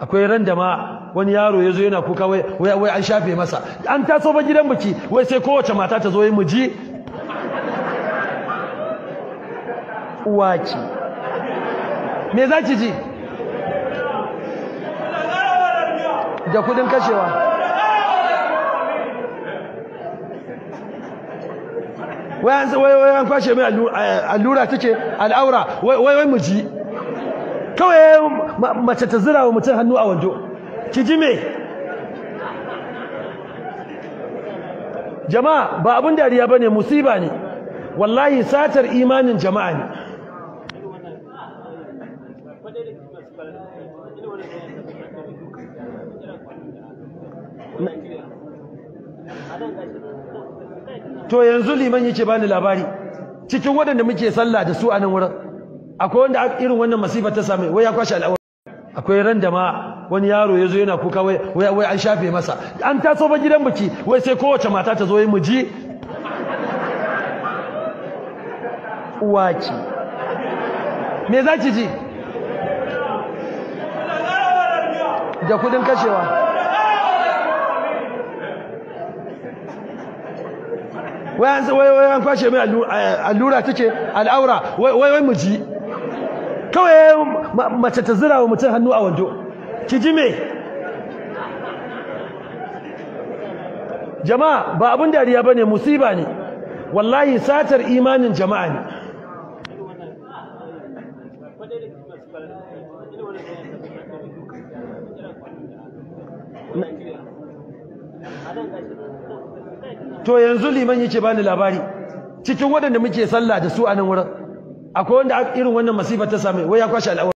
akwai ran da ma wani yaro ya zo yana kuka wai an shafe masa an taso ba gidan biki wai sai kowace mata ta zo yi muji uwaki me za ki ji da kudin kashewa wai an kwashe mai eh, allura take al'aura wai wai muji kawai mace ta zira wa mutum hannu a wando ki ji me jama'a ba abin dariya ba ne musiba ne wallahi satar imanin jama'a ne to yanzu liman yake bani labari cikin waɗanda muke sallah da su a nan wurin akwai wanda irin wannan masifa ta same wai ya kwashe al'aura akwai ran da ma wani yaro ya zo yana kuka wai an shafe masa an taso ba gidan biki wai sai kowace mata ta zo yi muji uwaki me za ki ji da kudin kashewa wai an kwashe mai eh, allura take al'aura wai wai muji kawai mace ta zira wa mutum hannu a wando ki ji me jama'a ba abin dariya bane musiba ne wallahi satar imanin jama'a ne to yanzu liman yake bani labari cikin waɗanda muke sallah da su a nan wurin akwai wanda irin wannan masifa ta same wai ya kwashi al'awar